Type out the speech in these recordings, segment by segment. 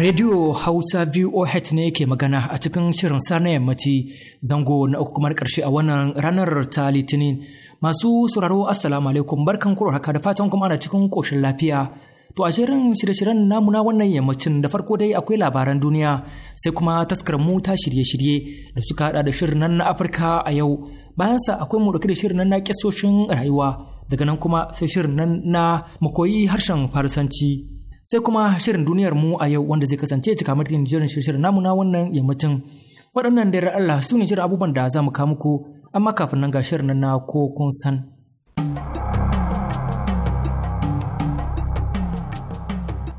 Radio Hausa VOH ne ke magana a cikin shirin sa yammaci zango na uku kamar karshe a wannan ranar ta Litinin. Masu sauraro Assalamu alaikum barkan kuro haka da fatan kuma ana cikin koshin lafiya. To a shirin shirye-shiryen namu na wannan yammacin da farko dai akwai labaran duniya sai kuma taskar mu ta shirye-shirye da suka hada da shirin nan na Afirka a yau. Bayan sa akwai mu da shirin nan na kisoshin rayuwa daga nan kuma sai shirin nan na makoyi harshen Farsanci. sai kuma shirin duniyar mu a yau wanda zai kasance cika martin jirin shirin namu na wannan yammacin waɗannan da Allah su ne shirin abubuwan da za mu kawo muku amma kafin nan ga shirin na ko kun san.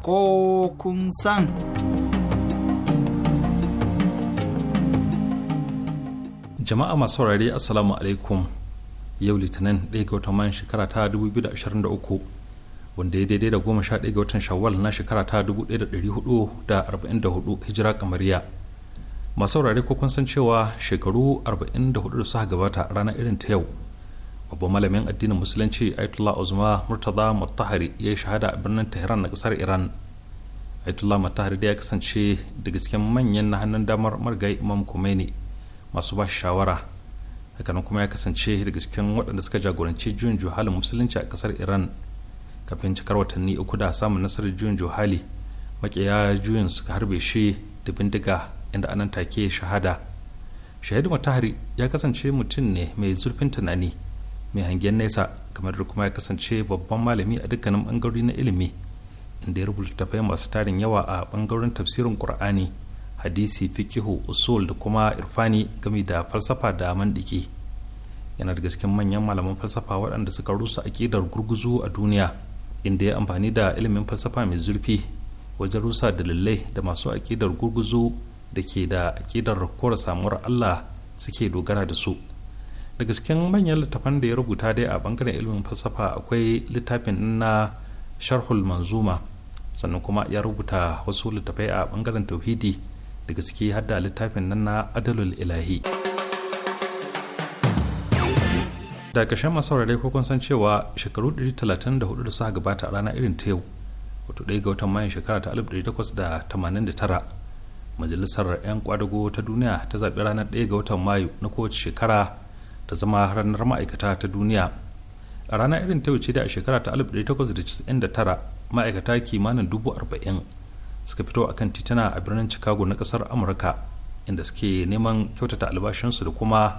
Ko kun san. Jama'a masu saurari Assalamu alaikum yau Litinin ɗaya ga watan shekara ta 2023 wanda ya daidai da goma sha ɗaya ga watan shawwal na shekara ta dubu ɗaya da ɗari hudu da arba'in da hudu hijira kamariya masu saurare ko kun san cewa shekaru arba'in da hudu da suka gabata ranar irin ta yau babban malamin addinin musulunci ayatollah uzma murtaza mutahari ya yi shahada a birnin tehran na kasar iran ayatollah mutahari da ya kasance daga cikin manyan na hannun damar margai imam khomeini masu ba shawara hakanan kuma ya kasance da cikin waɗanda suka jagoranci juyin juhalin musulunci a kasar iran kafin cikar watanni uku da samun nasarar juyin johali makiya juyin suka harbe shi da bindiga inda anan take shahada shahidu matahari ya kasance mutum ne mai zurfin tunani mai hangen nesa kamar da kuma ya kasance babban malami a dukkanin bangarori na ilimi inda ya rubuta tafai masu tarin yawa a bangaren tafsirin qur'ani hadisi fikihu usul da kuma irfani game da falsafa da mandiki yana da gasken manyan malaman falsafa waɗanda suka rusa aƙidar gurguzu a duniya inda ya amfani da ilimin falsafa mai zurfi wajen rusa dalilai da masu aƙidar gurguzu da ke da aƙidar kora samuwar allah suke dogara da su daga cikin manyan littafan da ya rubuta dai a bangaren ilimin falsafa akwai littafin na sharhul manzuma sannan kuma ya rubuta wasu littafai a bangaren tauhidi da gaske har da littafin nan na adalul ilahi. da ƙarshen masu saurare ko kun san cewa shekaru 134 da suka gabata a rana irin ta yau wato ɗaya ga watan mayan shekara ta 1889 majalisar 'yan kwadago ta duniya ta zaɓi ranar ɗaya ga watan mayu na kowace shekara ta zama ranar ma'aikata ta duniya a rana irin ta ce da a shekara ta 1899 ma'aikata kimanin dubu arba'in suka fito akan titina a birnin chicago na ƙasar amurka inda suke neman kyautata albashinsu da kuma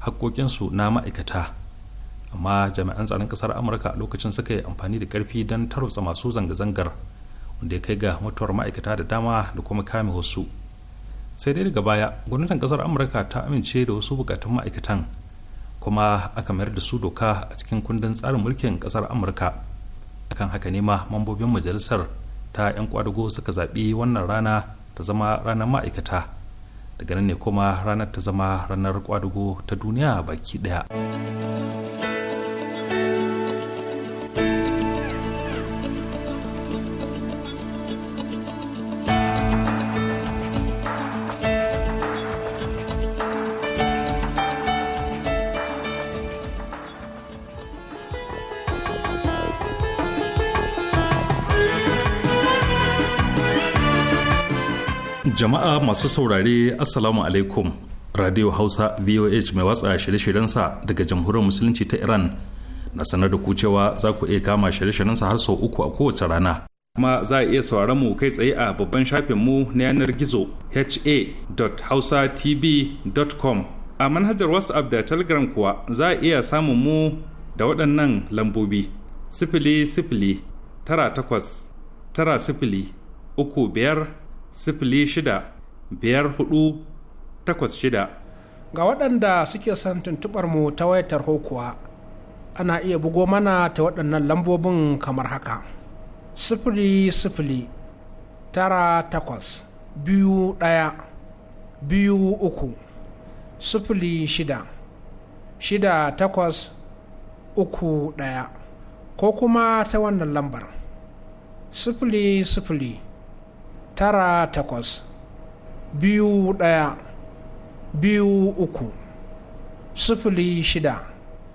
haƙƙoƙinsu na ma'aikata amma jami'an tsaron kasar amurka a lokacin suka yi amfani da karfi don tarwatsa masu zanga-zangar wanda ya kai ga mutuwar ma'aikata da dama da kuma kame wasu sai dai daga baya gwamnatin kasar amurka ta amince da wasu bukatun ma'aikatan kuma aka mayar da su doka a cikin kundin tsarin mulkin kasar amurka akan haka ne ma mambobin majalisar ta 'yan kwadago suka zaɓi wannan rana ta zama ranar ma'aikata daga nan ne kuma ranar ta zama ranar kwadago ta duniya baki ɗaya. jama'a masu saurare assalamu alaikum radio hausa voh mai watsa shirye-shiryensa daga jamhuriyar musulunci ta iran na sanar da ku cewa za ku iya kama shirye-shiryen sa har sau uku a kowace rana kuma za a iya sauraron mu kai tsaye a babban shafin mu na yanar gizo ha.hausa.tv.com a manhajar whatsapp da telegram kuwa za a iya samun mu da waɗannan lambobi sifili sifili tara takwas tara sifili uku biyar sifili shida biyar hudu takwas shida ga waɗanda suke son tuntuɓar mu ta wayar tarho kuwa ana iya bugo mana ta waɗannan lambobin kamar haka sifili sifili tara takwas biyu ɗaya biyu uku sifili shida shida takwas uku ɗaya ko kuma ta wannan lambar sifili sifili tara takwas biyu ɗaya biyu uku sifili shida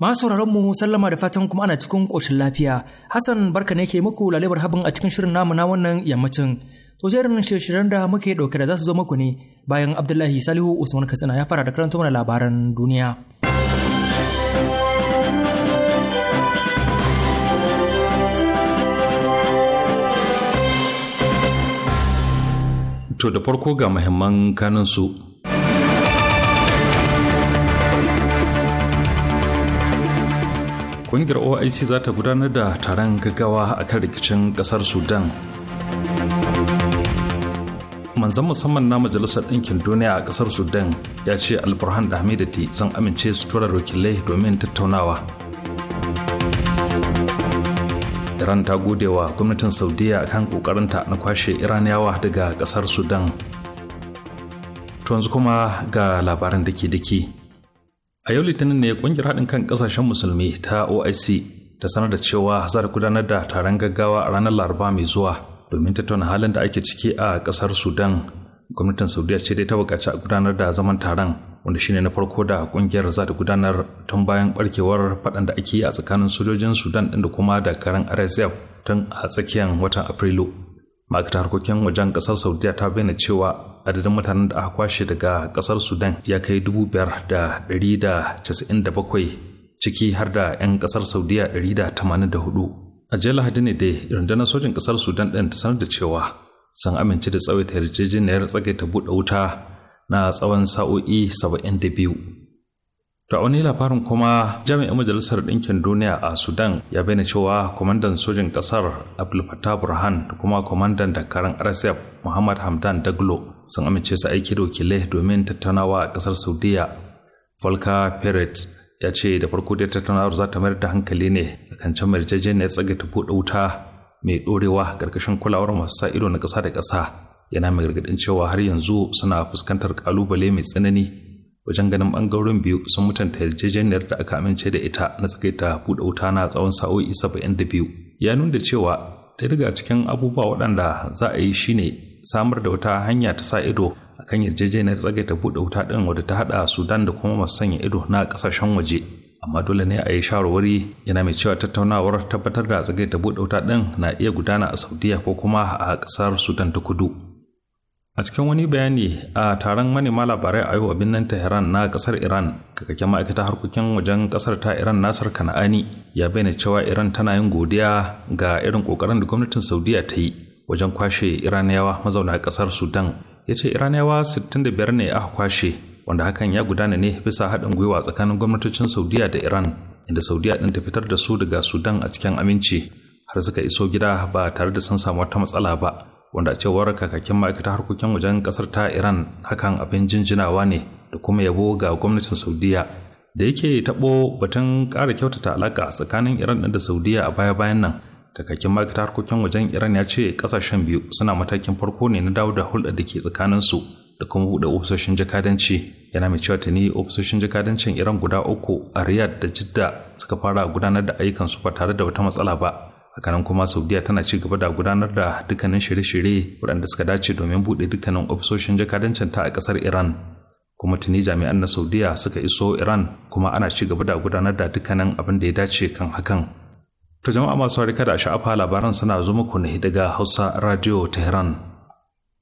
Masu mu sallama da fatan kuma ana cikin ƙoshin lafiya. Hassan barka ne ke muku lalibar habin a cikin shirin namu na wannan yammacin. To jerin shirin da muke ɗauke da za su zo muku ne bayan Abdullahi Salihu Usman Katsina ya fara da karanta mana labaran duniya. To da farko ga muhimman kanansu kungiyar oic za ta gudanar da taron gaggawa a kan rikicin kasar sudan manzan musamman na majalisar ɗinkin duniya a ƙasar sudan ya ce alburhan da hamidati sun amince su tura wakilai domin tattaunawa iran ta gode wa gwamnatin saudiya kan ƙoƙarinta na kwashe iraniyawa daga ƙasar sudan to yanzu kuma ga labaran dake-dake a yau litinin ne kungiyar haɗin kan ƙasashen musulmi ta oic ta sanar da cewa za ta gudanar da taron gaggawa a ranar laraba mai zuwa domin tattauna halin da ake ciki a ƙasar sudan gwamnatin saudiya ce dai ta buƙaci a gudanar da zaman taron wanda shine na farko da kungiyar za ta gudanar tun bayan ɓarkewar faɗan da ake yi a tsakanin sojojin sudan ɗin da kuma dakarun rsf tun a tsakiyar watan afrilu ma'aikatar harkokin wajen kasar saudiya ta bayyana cewa adadin mutanen da aka kwashe daga kasar sudan ya kai bakwai ciki har da 'yan kasar saudiya hudu. a jiya lahadi ne dai rundunar sojin kasar sudan ɗin ta sanar da cewa sun amince da tsawaita yarjejeniyar tsagaita buɗe wuta na tsawon sa'o'i biyu. To a wani labarin kuma jami'in majalisar ɗinkin duniya a Sudan ya bayyana cewa kwamandan sojin ƙasar Abdul Fattah Burhan da kuma kwamandan dakarun RSF Muhammad Hamdan Daglo sun amince su aiki da wakilai domin tattaunawa a ƙasar Saudiya. Volker Peret ya ce da farko dai tattaunawar za ta mayar da hankali ne a kan can yarjejeniyar tsagata buɗe wuta mai ɗorewa ƙarƙashin kulawar masu sa ido na ƙasa da ƙasa yana mai gargaɗin cewa har yanzu suna fuskantar ƙalubale mai tsanani wajen ganin bangarorin biyu sun mutunta yarjejeniyar da aka amince da ita na tsakaita buɗe wuta na tsawon sa'o'i saba'in da biyu ya nuna cewa ɗaya daga cikin abubuwa waɗanda za a yi shine samar da wata hanya ta sa ido akan yarjejeniyar tsagaita buɗe wuta ɗin wadda ta haɗa sudan da kuma masu sanya ido na ƙasashen waje amma dole ne a yi shawarwari yana mai cewa tattaunawar tabbatar da tsagaita buɗe wuta ɗin na iya gudana a saudiya ko kuma a ƙasar sudan ta kudu a cikin wani bayani a taron manema labarai a yau a birnin tehran na kasar iran kakakken ma'aikata harkokin wajen kasar ta iran nasar kana'ani ya bayyana cewa iran tana yin godiya ga irin kokarin da gwamnatin saudiya ta yi wajen kwashe iraniyawa mazauna kasar sudan ya ce iraniyawa 65 ne aka kwashe wanda hakan ya gudana ne bisa haɗin gwiwa tsakanin gwamnatocin saudiya da iran inda saudiya din ta fitar da su daga sudan a cikin aminci har suka iso gida ba tare da sun samu wata matsala ba wanda cewar kakakin ma'aikatar harkokin wajen kasar ta iran hakan abin jinjinawa ne da kuma yabo ga gwamnatin saudiya da yake taɓo batun ƙara kyautata alaka tsakanin iran da saudiya a baya-bayan nan kakakin ma'aikatar harkokin wajen iran ya ce ƙasashen biyu suna matakin farko ne na dawo da hulɗar da ke tsakanin su da kuma buɗe ofisoshin jakadanci yana mai cewa tuni ofisoshin jakadancin iran guda uku a riyadh da jidda suka fara gudanar da ayyukan su ba tare da wata matsala ba hakanan kuma saudiya tana ci gaba da gudanar da dukkanin shirye-shirye waɗanda suka dace domin buɗe dukkanin ofisoshin jakadancin ta a ƙasar iran kuma tuni jami'an na saudiya suka iso iran kuma ana ci gaba da gudanar da dukkanin abin da ya dace kan hakan to jama'a masu harika da sha'afa labaran suna zo muku ne daga hausa radio tehran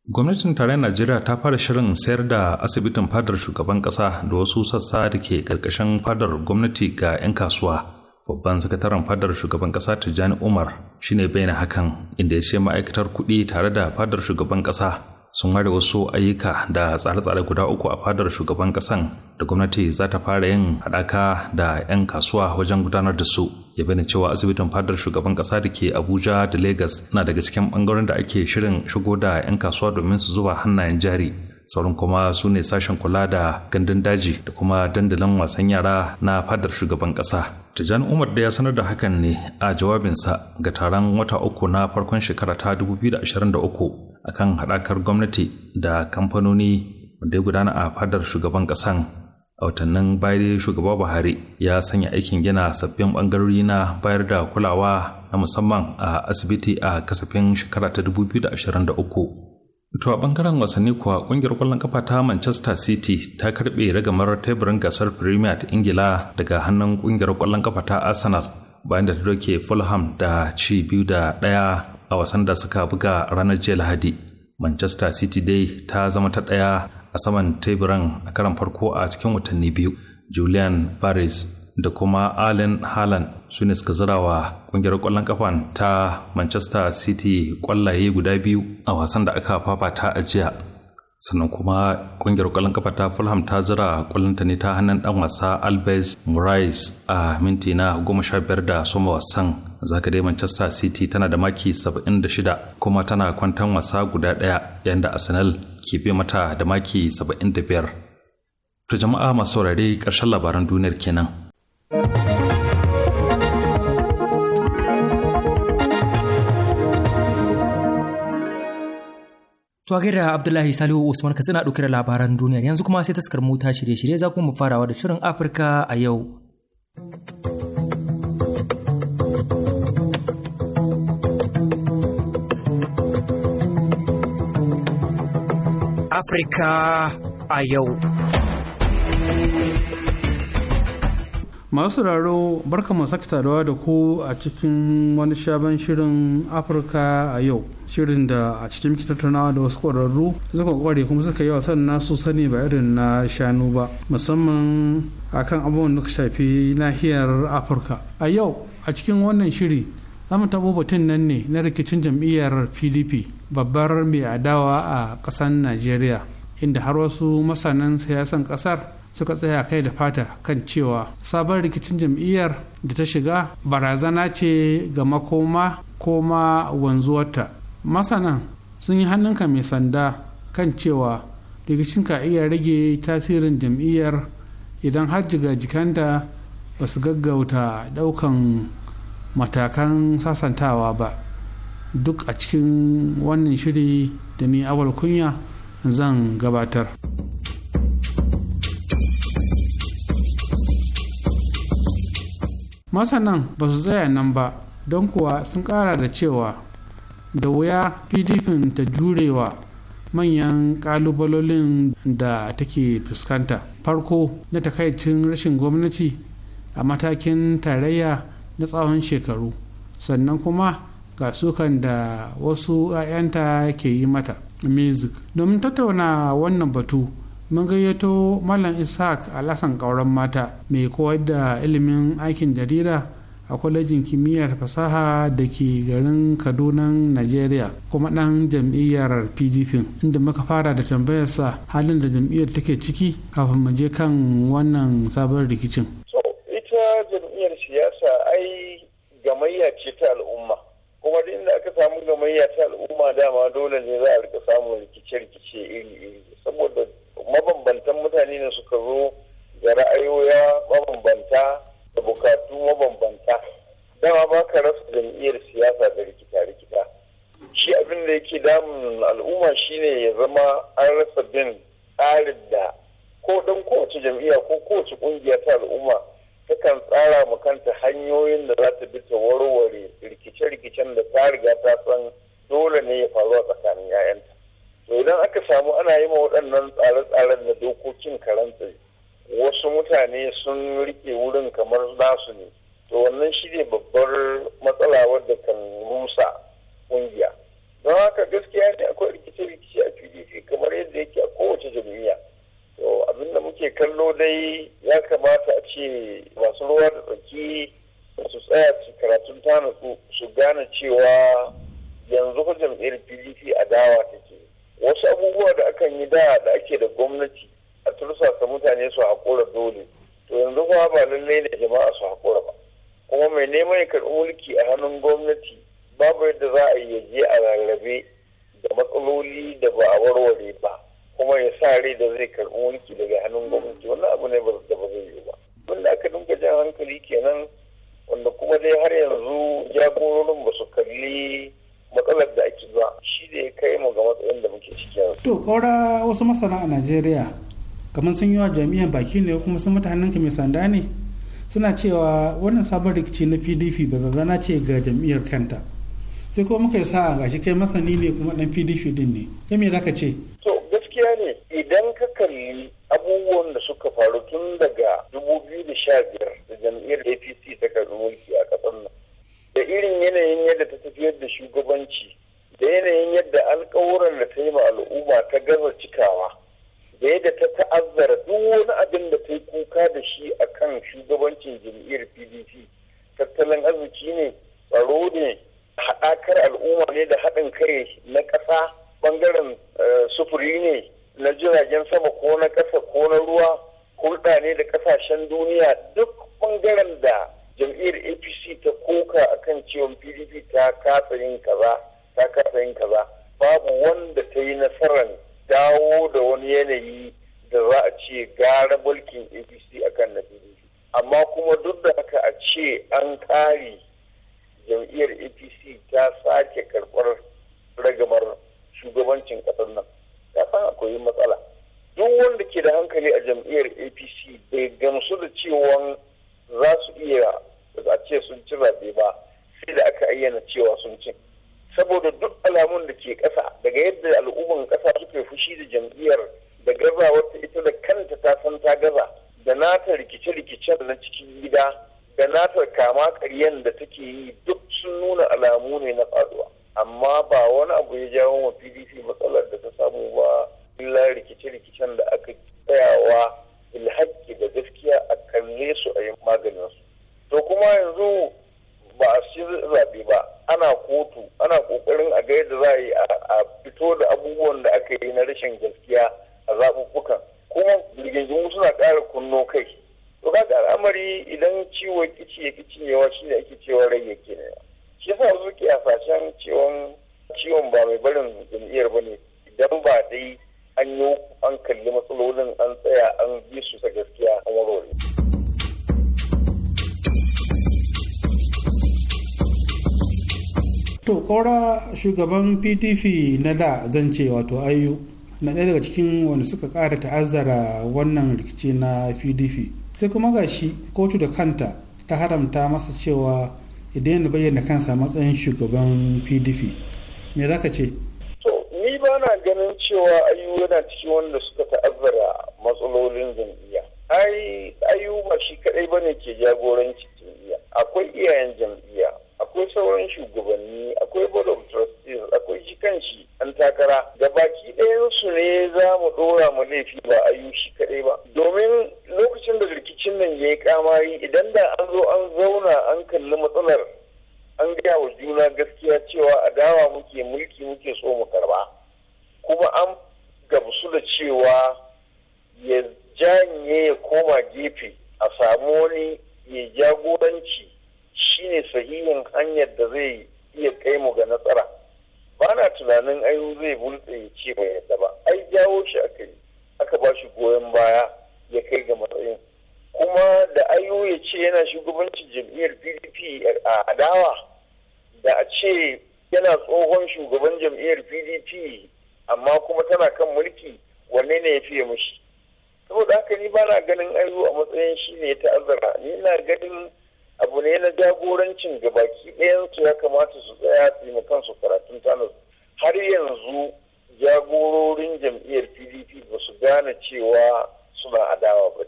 gwamnatin tarayyar najeriya ta fara shirin sayar da asibitin fadar shugaban kasa da wasu sassa da ke karkashin fadar gwamnati ga 'yan kasuwa babban sakataren fadar shugaban kasa tijjani umar shine bayyana hakan inda ya ce ma'aikatar kuɗi tare da fadar shugaban kasa sun ware wasu ayyuka da tsare-tsare guda uku a fadar shugaban kasan da gwamnati za ta fara yin haɗaka da 'yan kasuwa wajen gudanar da su ya bayyana cewa asibitin fadar shugaban kasa da ke abuja da lagos na daga cikin ɓangaren da ake shirin shigo da 'yan kasuwa domin su zuba hannayen jari sauran kuma su ne sashen kula da gandun daji da kuma dandalin wasan yara na fadar shugaban ƙasa tijjani umar da ya sanar da hakan ne a jawabinsa ga taron wata uku na farkon shekara ta 2023 akan haɗakar gwamnati da kamfanoni wanda ya gudana a fadar shugaban ƙasan a watannin bayan shugaba buhari ya sanya aikin gina sabbin ɓangarori na bayar da kulawa na musamman a asibiti a kasafin shekara ta 2023 To a bangaren wasanni kuwa ƙungiyar kwallon kafa ta Manchester City ta karbe ragamar teburin gasar Premier ta Ingila daga hannun ƙungiyar kwallon kafa ta Arsenal bayan da ta doke Fulham da ci biyu da ɗaya a wasan da suka buga ranar jiya Lahadi. Manchester City dai ta zama ta ɗaya a saman teburin a karan farko a cikin watanni biyu. Julian Paris da kuma Allen Haaland su ne suka zira wa kungiyar ƙwallon kafan ta Manchester City ƙwallaye guda biyu a wasan da aka fafata a jiya. Sannan kuma kungiyar ƙwallon kafa ta Fulham ta zira ƙwallonta ne ta hannun ɗan wasa Alves Morais a minti na goma sha biyar da soma wasan. Zaka dai Manchester City tana da maki saba'in da shida kuma tana kwantan wasa guda ɗaya yayin da Arsenal ke bi mata da maki saba'in da biyar. Ta jama'a masu saurare ƙarshen labaran duniyar kenan. To a Abdullahi Salihu Usman ka suna ɗauke da labaran duniyar yanzu kuma sai taskar mota shirye-shirye za kuma mu farawa da shirin Afirka a yau. Afirka a yau. masu raro barka mu sake taruwa da ku a cikin wani shaban shirin afirka a yau shirin da a cikin tattaunawa da wasu ƙwararru suka ƙware kuma suka yi wasan nasu sani ba irin na shanu ba musamman akan abubuwan da shafi nahiyar afirka a yau a cikin wannan shiri zamu taɓo tabo batun nan ne na rikicin jam'iyyar pdp babbar mai adawa a ƙasar najeriya inda har wasu masanan siyasan ƙasar suka tsaya kai da fata kan cewa sabon rikicin jam'iyyar da ta shiga barazana ce ga makoma koma wanzuwarta masana sun yi hannunka mai sanda kan cewa rikicin ka iya rage tasirin jam'iyyar idan har jikanta ba su gaggauta daukan matakan sasantawa ba duk a cikin wannan shiri da ni awal kunya zan gabatar. masanan ba su tsaya nan ba don kuwa sun kara da cewa da wuya pdp ta jurewa manyan kalubalolin da take fuskanta farko na takaicin rashin gwamnati a matakin tarayya na tsawon shekaru sannan kuma ga sukan da wasu 'ya'yanta ke yi mata music domin tattauna wannan batu mun gayyato malam ishaq alhassan kauran mata mai koyar da ilimin aikin jarida a kwalejin kimiyyar fasaha da ke garin kadunan nigeria kuma dan jam'iyyar pdp inda muka fara da tambayarsa halin da jam'iyyar take ciki kafin mu je kan wannan sabon rikicin ita jam'iyyar siyasa ai gamayya ce ta al'umma kuma duk inda aka samu gamayya ta al'umma dama dole ne za a rika samun rikice-rikice iri-iri saboda mabambantan mutane ne suka zo da ra'ayoya mabambanta da bukatu mabambanta dama ba ka rasa jam'iyyar siyasa da rikita-rikita shi abin da yake damun al'umma shine ya zama an rasa bin tsarin da ko dan kowace jam'iyya ko kowace kungiya ta al'umma takan tsara ma kanta hanyoyin da za ta bi ta warware rikice-rikicen da ta riga ta san dole ne ya faru a tsakanin 'ya'yanta idan aka samu ana yi ma waɗannan tsare-tsaren da dokokin karanta wasu mutane sun rike wurin kamar nasu ne to wannan shi ne babbar matsala wadda kan rusa ƙungiya don haka gaskiya ne akwai rikice-rikice a pdp kamar yadda yake a kowace jam'iyya to abin da muke kallo dai ya kamata a ce masu ruwa da tsaki su tsaya su karatun tana su gane cewa yanzu ko jam'iyyar pdp a dawa take wasu abubuwa da akan yi da da ake da gwamnati a tursasa mutane su haƙura dole to yanzu kuma ba lallai ne jama'a su haƙura ba kuma mai neman ya mulki a hannun gwamnati babu yadda za a yi je a rarrabe da matsaloli da ba a warware ba kuma ya sa rai da zai karɓi mulki daga hannun gwamnati wannan abu ne da ba zai yi ba tun da aka dinga jan hankali kenan wanda kuma dai har yanzu jagororin ba su kalli matsalar da ake zuwa shi da ya kai mu ga matsayin da muke ciki yanzu. to kora wasu masana a najeriya kamar sun yi wa jami'an baki ne kuma sun mata ka mai sanda ne suna cewa wannan sabon rikici na pdp ba zazzana ce ga jami'ar kanta sai kuma muka yi sa'a gashi kai masani ne kuma dan pdp din ne ya me zaka ce to gaskiya ne idan ka kalli abubuwan da suka faru tun daga 2015 da jam'iyyar apc ta karbi mulki a kasar nan da irin yanayin yadda ta tafiyar da shugabanci da yanayin yadda alkawuran da ta yi ma al'umma ta gaza cikawa da yadda ta ta'azzara duk wani abin da ta yi kuka da shi a kan shugabancin jam'iyyar pdp tattalin arziki ne tsaro ne haɗakar al'umma ne da haɗin kai na ƙasa ɓangaren eh, sufuri ne na jiragen sama ko na ƙasa ko na ruwa hulɗa ne da ƙasashen duniya duk ɓangaren da jam'iyyar apc ta koka a kan cewa pdp ta kasa yin kaza ta kasa yin kaza babu wanda ta yi nasarar dawo da wani yanayi da za a ce gara mulkin apc a kan na pdp amma kuma duk da haka a ce an kare jam'iyyar apc ta sake karɓar ragamar shugabancin ƙasar nan ta san akwai matsala duk wanda ke da hankali a jam'iyyar apc bai gamsu da cewa za su iya da za a ce sun ci zaɓe ba sai da aka ayyana cewa sun ci saboda duk alamun da ke ƙasa daga yadda al'umman ƙasa suke fushi da jam'iyyar da gazawar ta ita da kanta ta san ta gaza da nata rikice-rikicen na cikin gida da nata kama karyan da take yi duk sun nuna alamu ne na faduwa amma ba wani abu ya jawo wa pdp matsalar da ta samu ba illa rikice-rikicen da aka tsayawa ilhaki da gaskiya a kalle su a yi maganinsu to kuma yanzu ba a shi zaɓe ba ana kotu ana ƙoƙarin a gaida yadda za a yi a fito da abubuwan da aka yi na rashin gaskiya a zaɓuɓɓukan kuma rigingimu suna ƙara kunno kai to ga al'amari idan ciwo kici ya kici yawa shi ne ake cewa ke kenan shi yasa wasu ke hasashen ciwon ciwon ba mai barin jam'iyyar ba ne idan ba dai an yi an kalli matsalolin an tsaya an bi su ta gaskiya a warware. to kora shugaban pdp na da zan ce wato ayu na ɗaya daga cikin wanda suka ƙara ta'azzara wannan rikici na pdp sai kuma ga shi kotu da kanta ta haramta masa cewa idan yana bayyana kansa matsayin shugaban pdp me za ka ce to ni ba na ganin cewa ayu yana cikin wanda suka ta'azzara matsalolin jam'iyya ai ayu ba shi kaɗai ba ne ke jagoranci jam'iyya akwai iyayen jam'iyya akwai sauran shugabanni akwai board of trustees akwai shi kanshi an takara da baki ɗayansu ne za mu ɗora mu laifi ba a yi shi kaɗai ba domin lokacin da rikicin nan ya yi kamari idan da an zo an zauna an kalli matsalar an gaya wa juna gaskiya cewa a dawa muke mulki muke so mu karba kuma an gamsu da cewa ya janye ya koma gefe a samu wani ya jagoranci Shi ne sahihin hanyar da zai iya kai mu ga nasara ba na tunanin ayu zai bulɗe ya ce bai yadda ba ai jawo shi aka yi aka ba shi goyon baya ya kai ga matsayin kuma da ayu ya ce yana shugabancin jam'iyyar pdp a adawa da a ce yana tsohon shugaban jam'iyyar pdp amma kuma tana kan mulki wanne ne ya fiye mushi saboda haka ni ba na ganin ayu a matsayin shi ne ya ta'azzara ni na ganin abu ne na jagorancin ga baki ɗayansu ya kamata su tsaya su yi kansu karatun tanas har yanzu jagororin jam'iyyar pdp ba su gane cewa suna adawa ba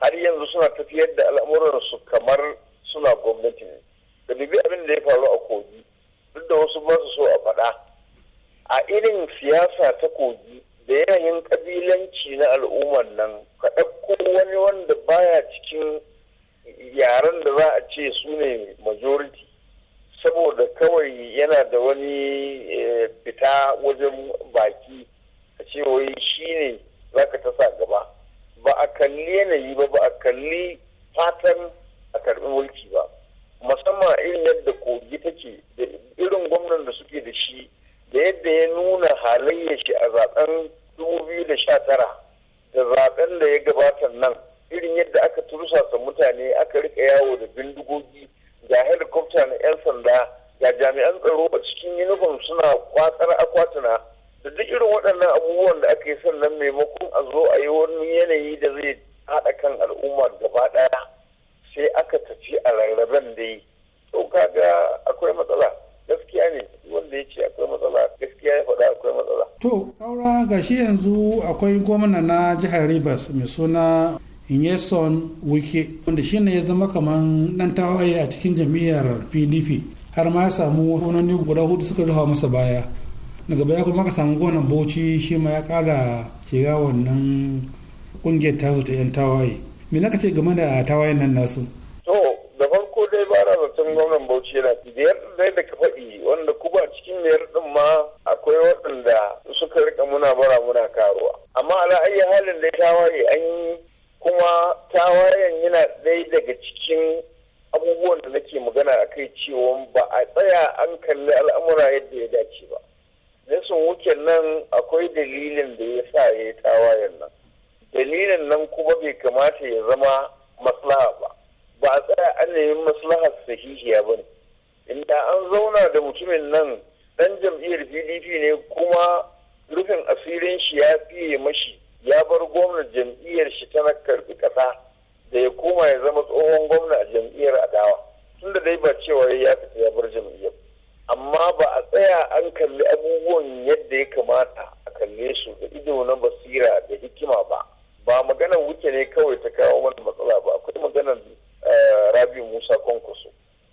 har yanzu suna tafiyar da al'amuransu kamar suna gwamnati ne da bibi abin da ya faru a kogi duk da wasu ba su so a faɗa a irin siyasa ta kogi da yanayin kabilanci na al'ummar nan ka ɗauko wani wanda baya cikin yaren da za a ce su ne majority saboda kawai yana da wani eh, fita wajen baki a ce wai shi ne za ka ta sa gaba ba a kalli yanayi ba ba a kalli fatan a karɓi mulki ba musamman irin yadda kogi take da irin gwamnan da suke da shi da yadda ya nuna halayya shi a zaben 2019 da zaben da ya gabatar nan irin yadda aka tursasa mutane aka rika yawo da bindigogi ga helikofta na 'yan sanda ga jami'an tsaro a cikin uniform suna kwatsar akwatuna da duk irin waɗannan abubuwan da aka yi sannan maimakon a zo a yi wani yanayi da zai haɗa kan al'umma gaba ɗaya sai aka tafi a rarraben dai to kaga akwai matsala gaskiya ne wanda ya ce akwai matsala gaskiya ya faɗa akwai matsala. to saura ga shi yanzu akwai gwamna na jihar rivers mai suna in son wike wanda shi ne ya zama kamar dan tawaye a cikin jami'ar pdp har ma ya samu gwamnoni guda hudu suka rufa masa baya daga baya kuma ka samu gonan bauchi shi ma ya kara shiga wannan kungiyar tasu ta yan tawaye me ka ce game da tawayen nan nasu to da farko dai ba na zaton gwamnan bauchi yana biyar dai da ka faɗi wanda kuma cikin biyar din ma akwai waɗanda suka rika muna bara muna karuwa amma ala ayyi halin da tawaye an kuma tawayen yana ɗaya daga cikin abubuwan da nake magana a kai cewa ba a tsaya an kalli al'amura yadda ya dace ba nasin wuken nan akwai dalilin da ya sa ya yi tawayen nan dalilin nan kuma bai kamata ya zama maslaha ba ba a tsaya an nemi maslahar sahihiya ba ne inda an zauna da mutumin nan dan jam'iyyar pdp ne kuma rufin asirin shi ya fiye mashi ya bar gwamnan jam'iyyar shi ta na karbi kasa da ya koma ya zama tsohon gwamna a jam'iyyar adawa tunda dai ba cewa ya fita ya bar jam'iyyar amma ba a tsaya an kalli abubuwan yadda ya kamata a kalle su da ido na basira da hikima ba ba magana wuce ne kawai ta kawo mana matsala ba akwai maganar eh, rabi musa kwankwaso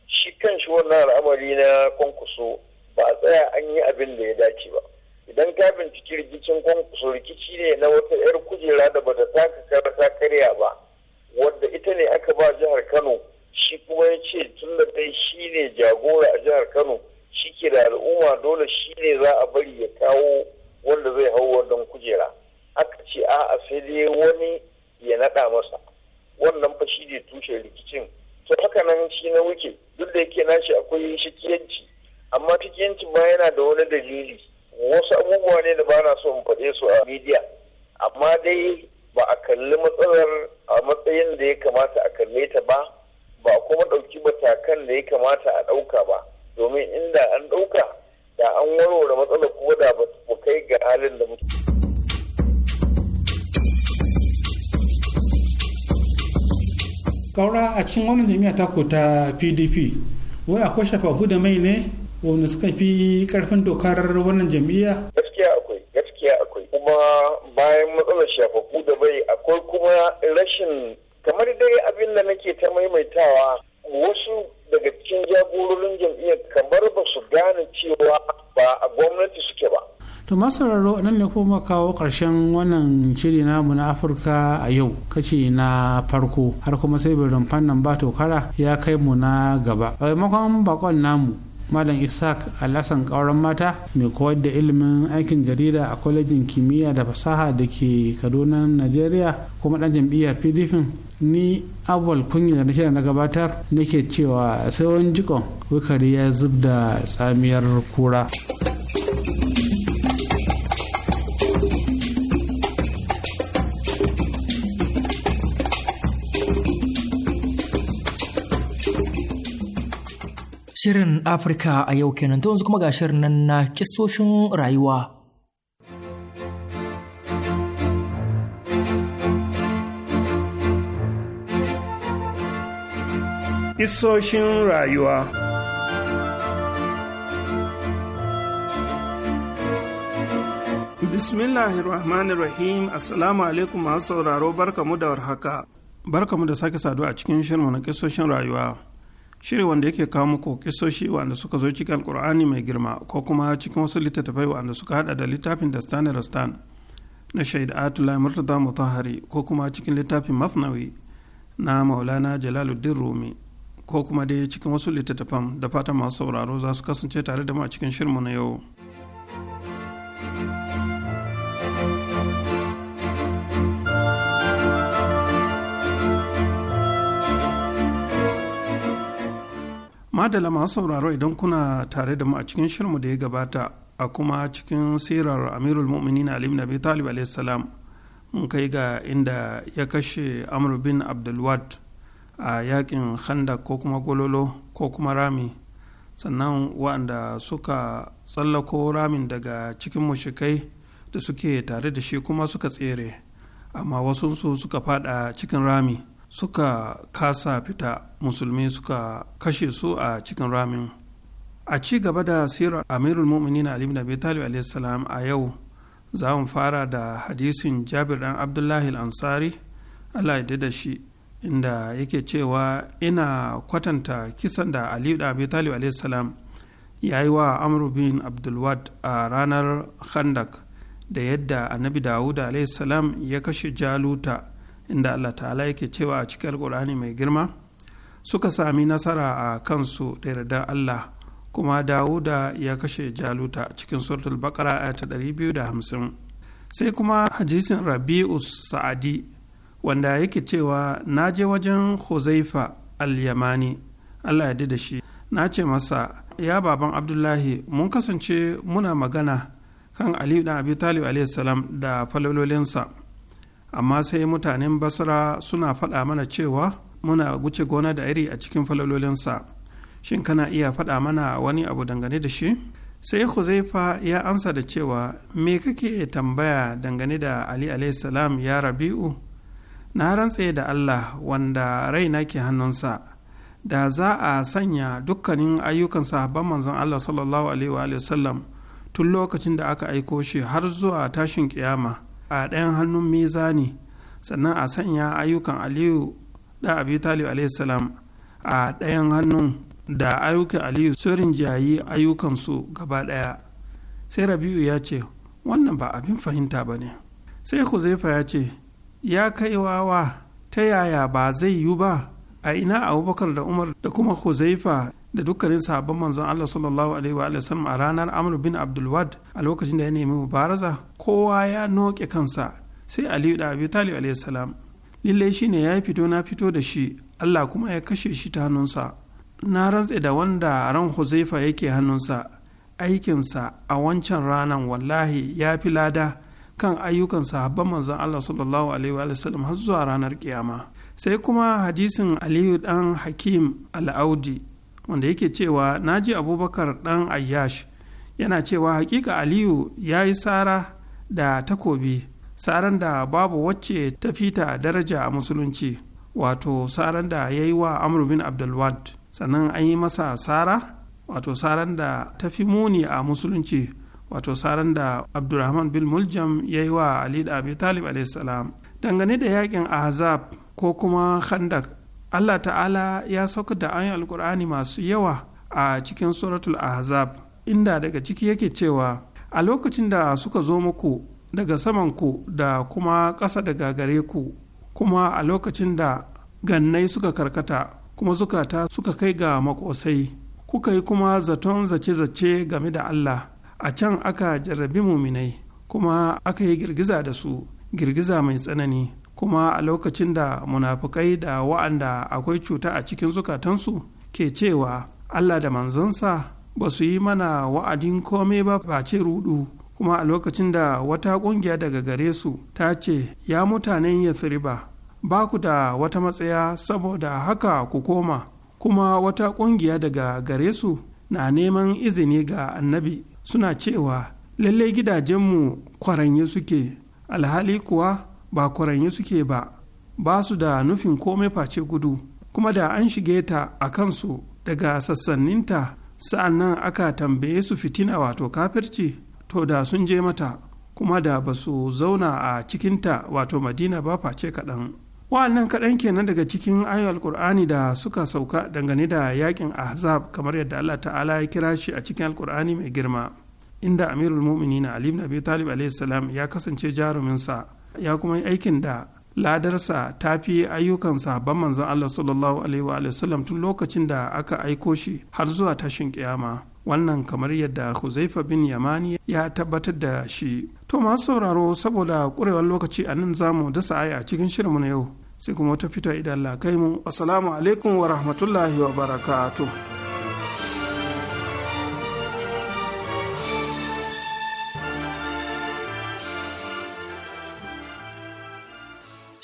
shi kan shi wannan al'amari na kwankwaso ba a tsaya an yi abin da ya dace ba idan ka binciki rikicin kwankwaso rikici ne na wata 'yar kujera da bata taka kara karya ba wadda ita ne aka ba jihar kano shi kuma ya ce tun da dai shi ne jagora a jihar kano shi ke da al'umma dole shi ne za a bari ya kawo wanda zai hau wannan kujera aka ce a'a sai dai wani ya naɗa masa wannan fa shi ne tushe rikicin to haka nan shi na wuke duk da yake nashi akwai shikiyanci amma shikiyanci ba yana da wani dalili wasu abubuwa ne da ba na so faɗe su a midiya amma dai ba a kalli matsalar a matsayin da ya kamata a kalle ta ba ba kuma ɗauki matakan da ya kamata a ɗauka ba domin inda an ɗauka da an warware matsalar kuma da ba kai ga halin da mutum kaura a cikin wannan jami'a ta ta pdp wai akwai shafafu da mai ne wanda suka fi karfin dokar wannan jam'iyya? Gaskiya akwai, gaskiya akwai. Kuma bayan matsalar shafafu da bai akwai kuma rashin kamar dai abin da nake ta maimaitawa wasu daga cikin jagororin jam'iyyar kamar ba su gane cewa ba a gwamnati suke ba. To masararo nan ne kuma kawo ƙarshen wannan shiri namu na Afirka a yau kashi na farko har kuma sai bai rumfan nan ba tokara ya kai mu na gaba. A maimakon bakon namu malam isaac alasan kauran mata mai koyar da ilimin aikin jarida a kwalejin kimiyya da fasaha da ke kaduna nigeria kuma dan jam'iyyar pdp ni abuwal kunya da shirin na gabatar nake cewa sai wani jikon wikari ya zub da tsamiyar kura. Shirin Afirka a yau kenan ta yanzu kuma ga shirin nan na kisoshin rayuwa. Kisoshin rayuwa rahim, Assalamu alaikum masu sauraro barkamu da warhaka. Barkamu da sake saduwa a cikin shirin na kisoshin rayuwa. shiri wanda yake kawo muku kisoshi wanda suka zo cikin alkur'ani mai girma ko kuma cikin wasu littattafai wanda suka hada da littafin da stan rastan na shaid atulai murtada mutahari ko kuma cikin littafin masnawi na maulana jalaluddin rumi ko kuma dai cikin wasu littattafan da fata masu sauraro za su kasance tare da mu a cikin shirinmu na yau. madala masu sauraro idan kuna tare da mu a cikin shirmu da ya gabata a kuma cikin sirar amirul mu'minin ali ibn abi talib alayhi salam mun kai ga inda ya kashe amr bin abdulwad a yakin handa ko kuma gololo ko kuma rami sannan waɗanda suka tsallako ramin daga cikin mushikai da suke tare da shi kuma suka tsere amma wasunsu suka fada cikin rami suka kasa fita musulmi suka kashe su a cikin ramin a ci gaba da sirar amirul mu'minin ali ibn abi talib a yau za mu fara da hadisin jabir dan abdullahi ansari allah ya da shi inda yake cewa ina kwatanta kisan da ali ibn abi talib ya yi wa amru bin abdulwad a ranar khandak da yadda annabi dawud salam ya kashe jaluta inda allah ta'ala yake cewa a cikin alkur'ani mai girma suka sami nasara a kansu da yardar allah kuma dawuda ya kashe jaluta a cikin suratul bakara a ta hamsin. sai kuma hadisin rabi'u sa'adi wanda yake cewa na je wajen huzaifa al-yamani allah ya da shi na ce masa ya baban abdullahi mun kasance muna magana kan aliyu dan abi talib salam da falalolinsa amma sai mutanen basra suna faɗa mana cewa muna guce gona da iri a cikin falalolinsa shin kana iya faɗa mana wani abu dangane da shi sai huzaifa ya ansa da cewa me kake tambaya dangane da ali salam ya rabi'u na rantse da allah wanda raina ke hannunsa da za a sanya dukkanin ayyukansa ban manzon allah sallallahu alaihi wa sallam tun lokacin da aka aiko shi har zuwa tashin kiyama a ɗayan hannun mizani sannan a sanya ayyukan aliyu da abi talib a.s. a ɗayan hannun da ayyukan aliyu sun rinjayi ayyukansu gaba ɗaya sai rabi'u ya ce wannan ba abin fahimta ba ne sai huzaifa ya ce ya kai wawa ta yaya ba zai yiwu ba a ina abubakar da umar da kuma huzaifa da dukkanin sahabban manzon Allah sallallahu alaihi wa sallam a ranar Amr bin Abdul Wad a lokacin da ya nemi mubaraza kowa ya noke kansa sai Aliyu da Abi Talib alaihi salam lallai shine ya fito na fito da shi Allah kuma ya kashe shi ta hannunsa na rantse da wanda ran Huzaifa yake hannunsa aikinsa a wancan ranan wallahi ya fi lada kan ayyukan sahabban manzon Allah sallallahu alaihi wa sallam har zuwa ranar kiyama sai kuma hadisin Aliyu dan Hakim al-Audi wanda yake cewa na naji abubakar dan ayyash yana cewa hakika aliyu ya yi sara da takobi saran da babu wacce ta fita daraja a musulunci wato saran da ya yi wa amr bin abdulwad sannan an yi masa sara wato saran da ta fi muni a musulunci wato saran da abdulrahman bin muljam ya yi wa ali da abi talib dangane da yakin ahzab ko kuma khandak allah ta'ala ya sauka da ayin alkur'ani masu yawa a cikin suratul ahzab inda daga ciki yake cewa a lokacin da suka zo muku daga samanku da kuma ƙasa daga gare ku kuma a lokacin da gannai suka karkata kuma zukata suka kai ga makosai kuka yi kuma zaton zace-zace game da allah a can aka jarrabi muminai kuma aka yi girgiza da su girgiza mai tsanani kuma a lokacin da munafukai da wa'anda akwai cuta a cikin zukatansu ke cewa allah da manzonsa ba su yi mana wa'adin komai ba face rudu kuma a lokacin da wata ƙungiya daga gare su ta ce ya mutanen yathriba ba ku da wata matsaya saboda haka ku koma kuma wata ƙungiya daga gare su na neman izini ga annabi suna cewa lallai gidajenmu kwaranye suke alhali kuwa ba kwaranye suke ba ba su da nufin komai face gudu kuma da an shige ta a kansu daga sassaninta sa'an nan aka tambaye su fitina wato kafirci to da sun je mata kuma da ba su zauna a cikinta wato madina ba face kaɗan wa'annan kaɗan kenan daga cikin ayoyin alkur'ani da suka sauka dangane da yakin ahzab kamar yadda allah ta'ala ya kira shi a cikin alkur'ani mai girma inda amirul mu'minin ali ibn abi talib ya kasance jaruminsa ya kuma yi aikin da ladarsa ta fi ayyukansa ban manzon Allah sallallahu alaihi wa sallam tun lokacin da aka aiko shi har zuwa tashin kiyama wannan kamar yadda Huzaifa bin Yamani ya tabbatar da shi to masu sauraro saboda kurewar lokaci a nan zamu dasa aya a cikin shirinmu na yau sai kuma ta fita idan la kai mu assalamu alaikum wa rahmatullahi wa barakatuh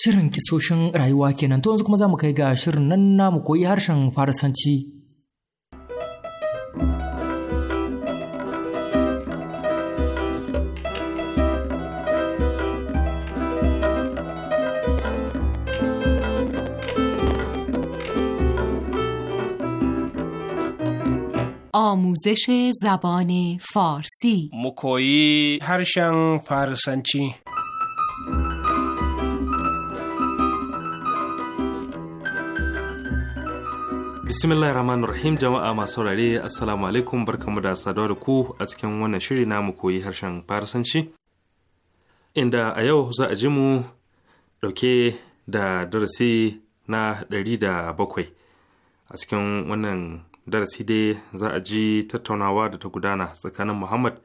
Shirin kisoshin rayuwa kenan to yanzu kuma za mu kai ga shirin nan namu koyi harshen Farisanci. آموزش زبان فارسی مکویی هرشن فارسنچی bismillahir rahmanir rahim jama'a masu saurare assalamu alaikum barkamu da saduwa da ku a cikin wannan shiri na mu koyi harshen farasanci inda a yau za a ji mu dauke da darasi na ɗari da bakwai a cikin wannan darasi dai za a ji tattaunawa da ta gudana tsakanin muhammad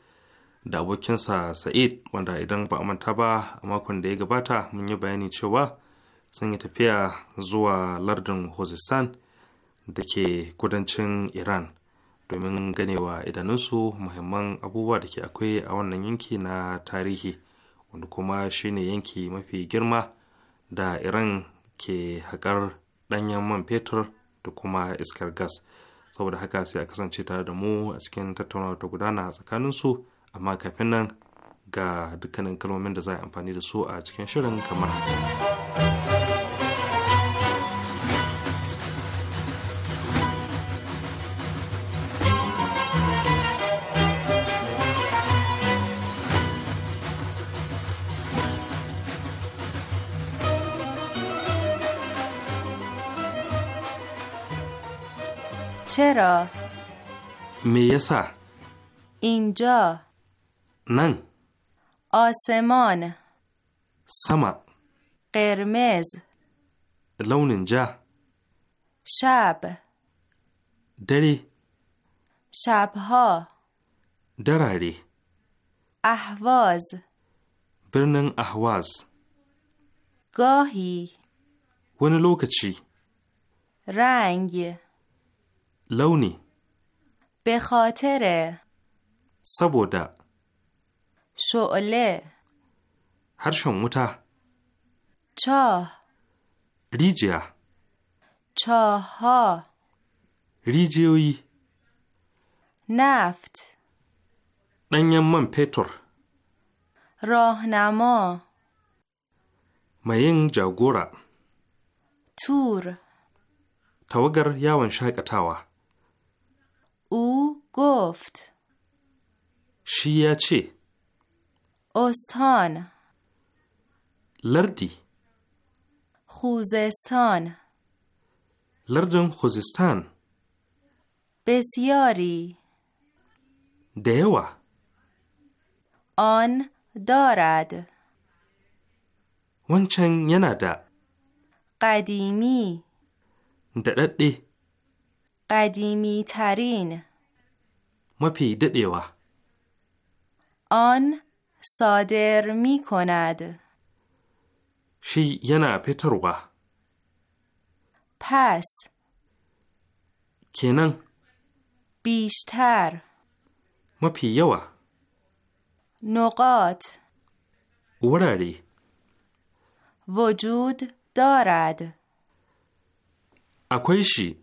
da abokinsa sa'id wanda idan ba a manta ba a makon da ya gabata mun yi bayani cewa sun yi tafiya zuwa lardin hosistan da ke kudancin iran domin ganewa idanunsu muhimman abubuwa da ke akwai a wannan yanki na tarihi wanda kuma shine yanki mafi girma da iran ke haƙar ɗanyen man fetur da kuma iskar gas saboda haka sai a kasance tare da mu a cikin tattaunawa ta gudana tsakaninsu amma kafin nan ga dukkanin kalmomin da za a amfani da su a cikin shirin kamar haka چرا؟ میسا اینجا نن آسمان سما قرمز لون جا شب دری شبها دراری احواز برنن احواز گاهی ونلوکچی رنگ launi به خاطر saboda shole harshen wuta chah rijiya chaha rijiyoyi naft ɗanyen man fetur rahnama mayin jagora tur tawagar yawon shaƙatawa. او گفت شیاچی استان لردی خوزستان لردم خوزستان بسیاری دیوه آن دارد ونچنگ ینادا نده قدیمی دردی قدیمی ترین مپی ددیوه آن صادر می کند شی ینا پتروه پس کنن بیشتر مپی یوه نقاط وراری وجود دارد اکویشی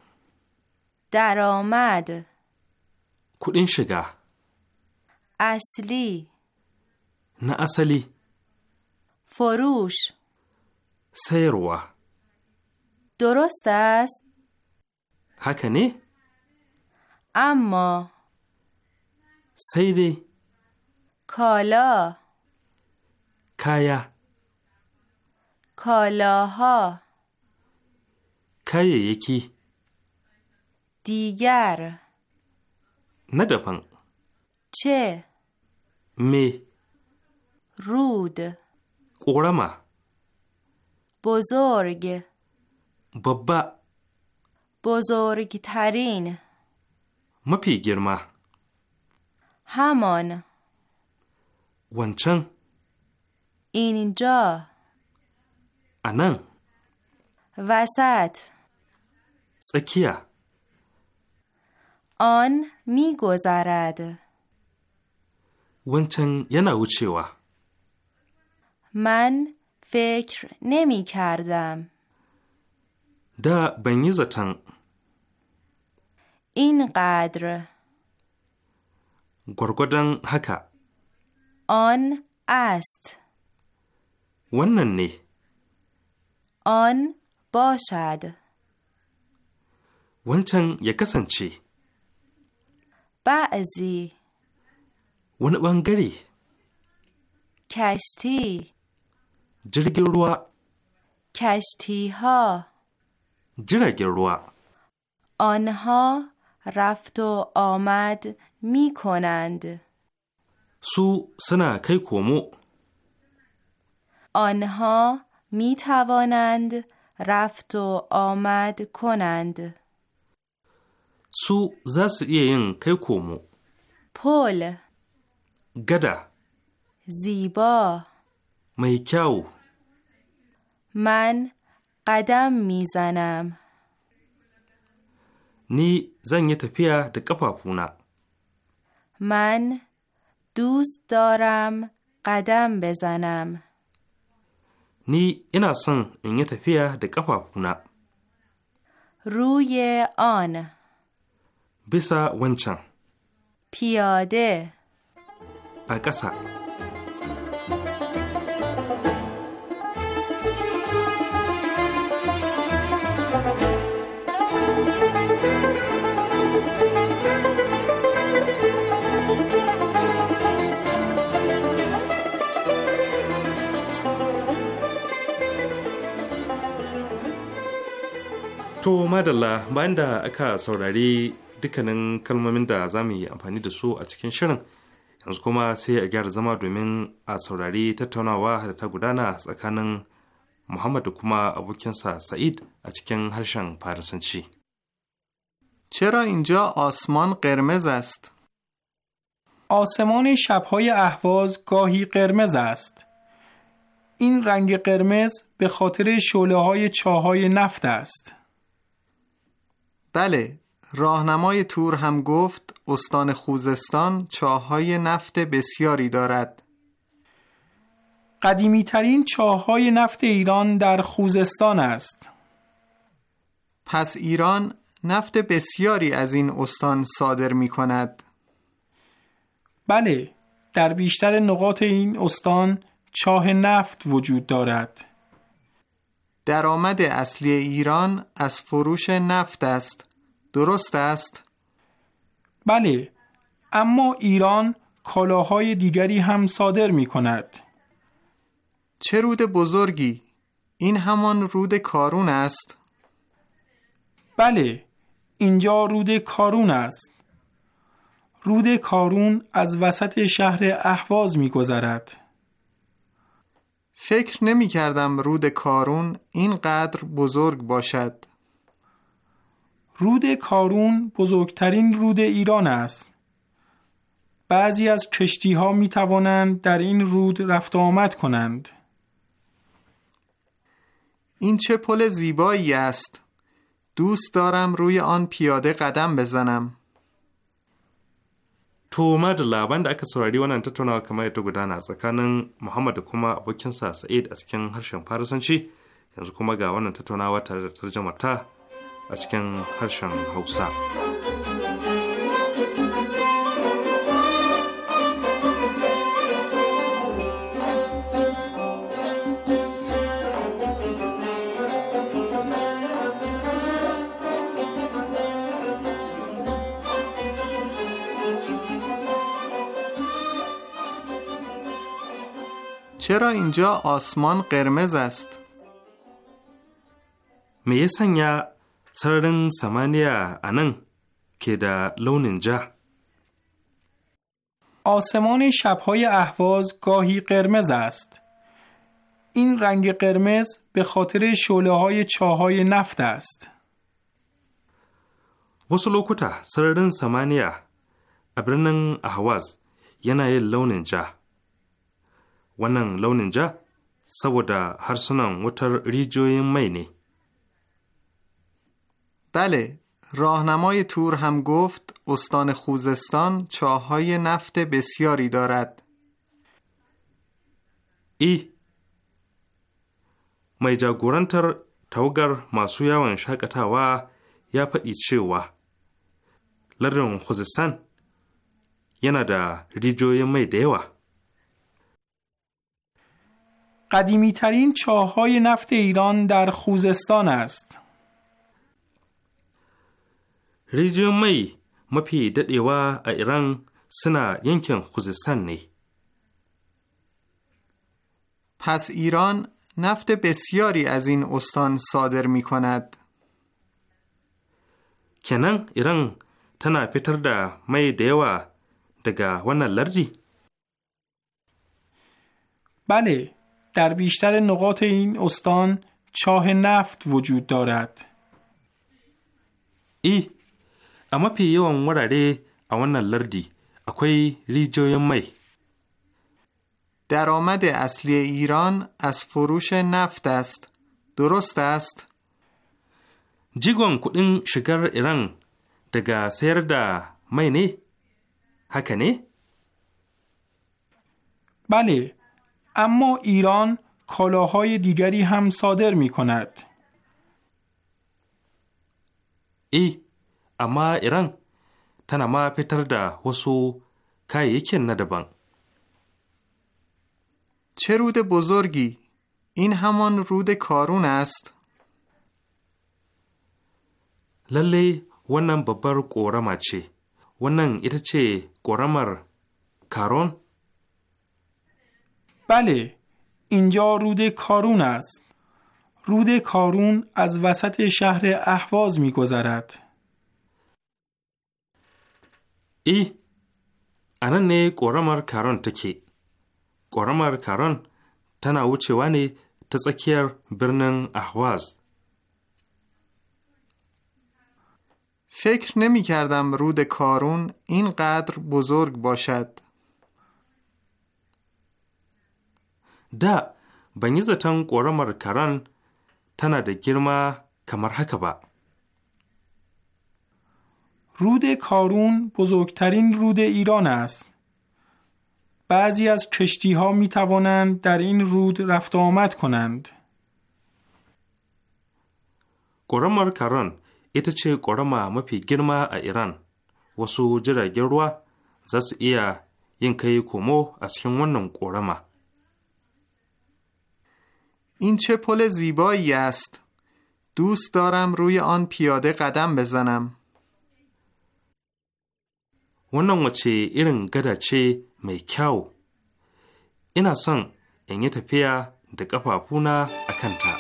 درآمد کدین شگه اصلی نه اصلی فروش سیروا درست است هکنی؟ اما سیدی کالا کایا کالاها کای یکی دیگر نه دپن چه می رود قرما بزرگ بابا بزرگترین مپی گرما همان ونچن اینجا انن وسط سکیه on mi gozarad. Wenchen yana wucewa. Man fikr nemi kardam. Da ban yi zaton. In qadr. Gwargwadon haka. On ast. Wannan ne. On boshad. Wancan ya kasance. بعضی ون ونگری کشتی جرگروا کشتی ها جرگروا آنها رفت و آمد می کنند سو سنا کی کومو آنها می توانند رفت و آمد کنند su za su iya yin kai komo. Paul Gada Ziba Mai kyau Man ƙadam mizanam Ni zan yi tafiya da ƙafafuna. Man dus-doram ƙadam bezanam Ni ina son in yi tafiya da ƙafafuna. Ruye on. bisa wancan Piyade. a ƙasa To madalla bayan da aka saurari dukkanin kalmomin da za mu yi amfani da su a cikin shirin yanzu kuma sai a gyara zama domin a saurari tattaunawa da ta gudana tsakanin muhammad da kuma abokinsa sa'id a cikin harshen farisanci چرا اینجا آسمان قرمز است؟ آسمان شبهای اهواز گاهی قرمز است. این رنگ قرمز به خاطر شعله های چاهای نفت است. بله، راهنمای تور هم گفت استان خوزستان چاهای نفت بسیاری دارد قدیمی ترین چاهای نفت ایران در خوزستان است پس ایران نفت بسیاری از این استان صادر می کند بله در بیشتر نقاط این استان چاه نفت وجود دارد درآمد اصلی ایران از فروش نفت است درست است؟ بله اما ایران کالاهای دیگری هم صادر می کند چه رود بزرگی؟ این همان رود کارون است؟ بله اینجا رود کارون است رود کارون از وسط شهر اهواز می گذرد. فکر نمی کردم رود کارون اینقدر بزرگ باشد رود کارون بزرگترین رود ایران است. بعضی از کشتی ها می توانند در این رود رفت آمد کنند. این چه پل زیبایی است. دوست دارم روی آن پیاده قدم بزنم. تومد لبند اکس رای دیوان انت تونه ها دو از اکنن محمد کوما ابو کنسا سعید از کن هر پرسنشی کنسا کمه گوان انت تونه ها و ترجمه ته اچکن cikin harshen چرا اینجا آسمان قرمز است؟ میسن سنیا sararin samaniya a که ke da launin ja. آسمان شبهای احواز گاهی قرمز است. این رنگ قرمز به خاطر شوله های چاه های نفت است. وصلو کتا سردن سمانیا ابرنن احواز ینای لونن جا. ونن لونن جا سودا هرسنان وطر ریجوی مینی. بله راهنمای تور هم گفت استان خوزستان چاهای نفت بسیاری دارد ای میجا گورنتر توگر ماسویا و یا پا ایچی و خوزستان ینا دا ریجوی میده و قدیمی ترین چاهای نفت ایران در خوزستان است rijiyoyin mai mafi daɗewa a Iran suna yankin Khuzestan ne. پس ایران نفت بسیاری از این استان صادر می کند. کنن ایران تنا پیتر دا می دیوا دگا ون لرژی؟ بله، در بیشتر نقاط این استان چاه نفت وجود دارد. ای A mafi yawan wurare a wannan lardi akwai rijiyoyin mai. درآمد اصلی ایران از فروش نفت است. درست است؟ جیگون کدین شگر ایران دگا سیر دا می نه؟ نی بله، اما ایران کالاهای دیگری هم صادر می کند. ای اما ایران tana ma fitar da wasu kayayyakin na daban. چه رود بزرگی؟ این همان رود کارون است. للی wannan ببر ƙorama ce, wannan ita چه ƙoramar کارون؟ بله، اینجا رود کارون است. رود کارون از وسط شهر اهواز میگذرد. ای eh, anan ne ƙoramar karon take ƙoramar karon tana wucewa ne ta tsakiyar birnin ahwaz فکر نمی کردم رود کارون اینقدر بزرگ باشد. دا ban yi zaton ƙoramar karon tana da girma kamar haka ba. رود کارون بزرگترین رود ایران است. بعضی از کشتی ها می توانند در این رود رفت آمد کنند. گرامر کران ایتا چه ƙwarama ایران و a Iran, wasu jiragen ruwa za su iya این چه پل زیبایی است. دوست دارم روی آن پیاده قدم بزنم. wannan wace irin gada ce mai kyau ina son in yi tafiya da ƙafafuna a kanta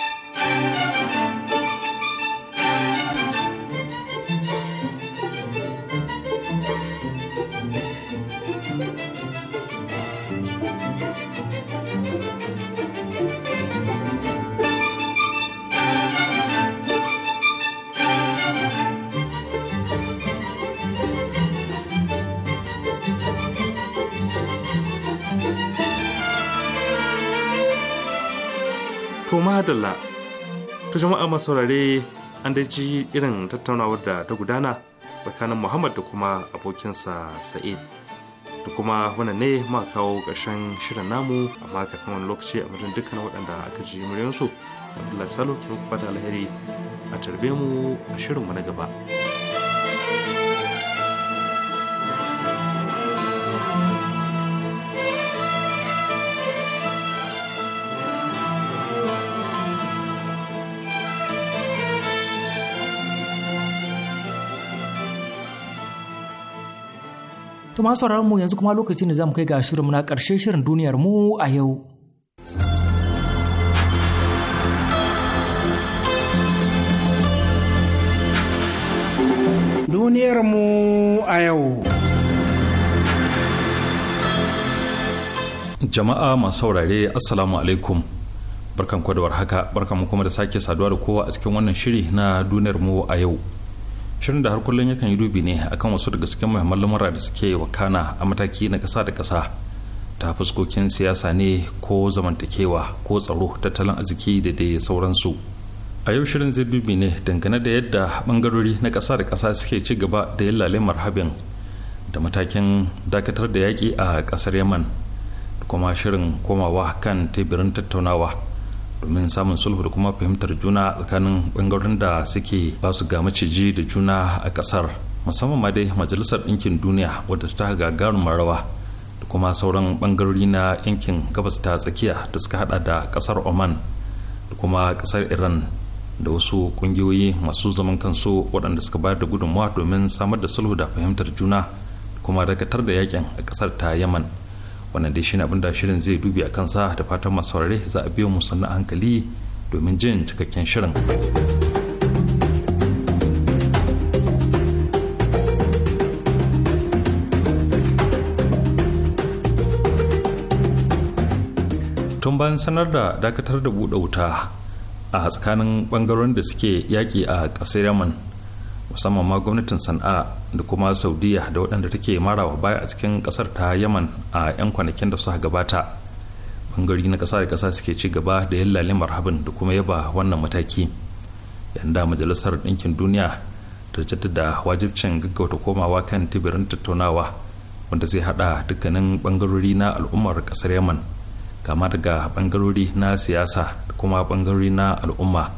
To madalla, to jama'a masaurare an da ji irin tattaunawar da ta gudana tsakanin Muhammad da kuma abokinsa Sa'id. Da kuma wannan ne ma kawo ƙarshen shirin namu amma kafin wani lokaci a madadin dukkan waɗanda aka ji muryansu. Abdullahi Salo ke muku fata alheri a tarbe mu a shirinmu na gaba. Kuma sauraron mu yanzu kuma lokaci ne zamu kai ga shirin na karshe shirin duniyar mu a yau. Duniyar mu a yau. Jama'a masu saurare Assalamu alaikum. Barkan kwadawar haka, barkan kuma da sake saduwa da kowa a cikin wannan shiri na duniyar mu a yau. shirin da har kullum yakan yi dubi ne akan wasu daga cikin muhimman lamura da suke wakana a mataki na kasa da ƙasa ta fuskokin siyasa ne ko zamantakewa ko tsaro tattalin arziki da dai sauransu a yau shirin zai dubi ne dangane da yadda bangarori na ƙasa da ƙasa suke ci gaba da yallale marhabin da matakin dakatar da yaƙi a ƙasar yaman kuma shirin komawa kan teburin tattaunawa domin samun sulhu da kuma fahimtar juna tsakanin bangarorin da suke ba su ga maciji da juna a kasar musamman ma dai majalisar ɗinkin duniya wadda ta garin marawa da kuma sauran bangarori na yankin gabas ta tsakiya da suka hada da kasar oman da kuma kasar iran da wasu kungiyoyi masu zaman kansu waɗanda suka bayar da gudunmawa domin samar da sulhu da fahimtar juna kuma dakatar da yakin a kasar ta yaman wannan dai shine abin da shirin zai dubi a kansa da fatan masu saurare za a biyo mu sannan hankali domin jin cikakken shirin tun bayan sanar da dakatar da buɗe wuta a tsakanin ɓangaren da suke yaƙi a ƙasar yaman musamman ma gwamnatin sana'a da kuma saudiya da waɗanda take marawa baya a cikin ƙasar ta yaman a 'yan kwanakin da suka gabata bangarori na ƙasa da ƙasa suke ci gaba da yallale marhabin da kuma yaba wannan mataki yanda majalisar ɗinkin duniya ta jaddada wajibcin gaggauta komawa kan tibirin tattaunawa wanda zai haɗa dukkanin bangarori na al'ummar ƙasar yaman kama daga bangarori na siyasa da kuma bangarori na al'umma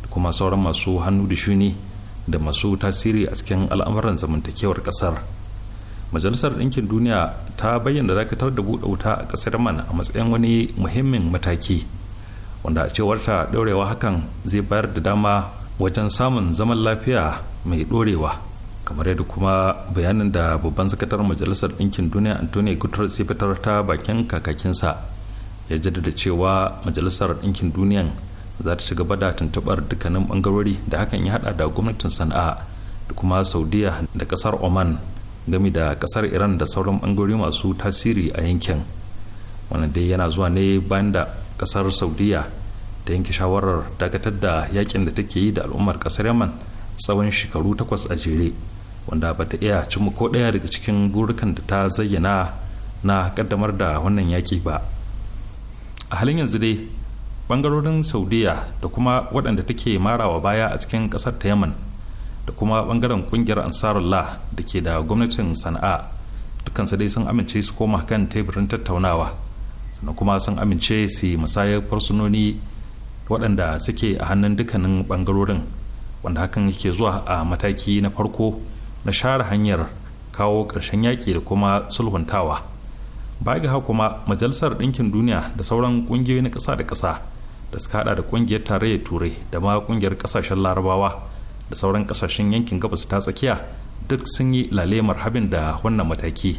da kuma sauran masu hannu da shuni da masu tasiri a cikin al'amuran zamantakewar kasar majalisar ɗinkin duniya ta bayyana dakatar da buɗe wuta a ƙasar man a matsayin wani muhimmin mataki wanda a cewar ta ɗorewa hakan zai bayar da dama wajen samun zaman lafiya mai ɗorewa kamar yadda kuma bayanin da babban sakatar majalisar ɗinkin duniya antonio guterres ya fitar ta bakin kakakinsa ya jaddada cewa majalisar ɗinkin duniyan za ta ci gaba da tuntubar dukkanin bangarori da hakan ya hada da gwamnatin sana'a da kuma saudiya da kasar oman game da kasar iran da sauran bangarori masu tasiri a yankin wani dai yana zuwa ne bayan da kasar saudiya ta yanke shawarar dakatar da yakin da take yi da al'ummar kasar yaman tsawon shekaru takwas a jere wanda bata iya cimma ko ɗaya daga cikin burukan da ta zayyana na kaddamar da wannan yaki ba a halin yanzu dai bangarorin saudiya da kuma waɗanda take marawa baya a cikin ƙasar ta yaman da kuma bangaren ƙungiyar ansarullah da ke da gwamnatin sana'a dukansu dai sun amince su koma kan teburin tattaunawa sannan kuma sun amince su musayar fursunoni waɗanda suke a hannun dukkanin bangarorin wanda hakan yake zuwa a mataki na farko na share hanyar kawo ƙarshen yaƙi da kuma sulhuntawa baya ga kuma majalisar ɗinkin duniya da sauran ƙungiyoyi na ƙasa da ƙasa da suka hada da kungiyar tarayyar turai da ma kungiyar kasashen larabawa da sauran kasashen yankin gabas ta tsakiya duk sun yi lalemar habin da wannan mataki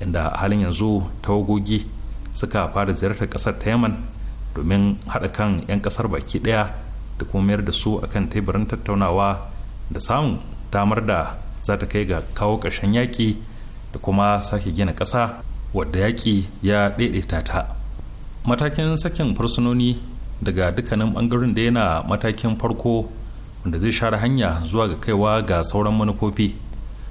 inda a halin yanzu tawagogi suka fara ziyartar kasar ta yaman domin haɗa kan 'yan kasar baki ɗaya da kuma mayar da su akan teburin tattaunawa da samun damar da za ta kai ga kawo ƙarshen yaƙi da kuma sake gina ƙasa wadda yaƙi ya ɗaiɗaita ta matakin sakin fursunoni daga dukkanin bangaren da yana matakin farko wanda zai share hanya zuwa ga kaiwa ga sauran manufofi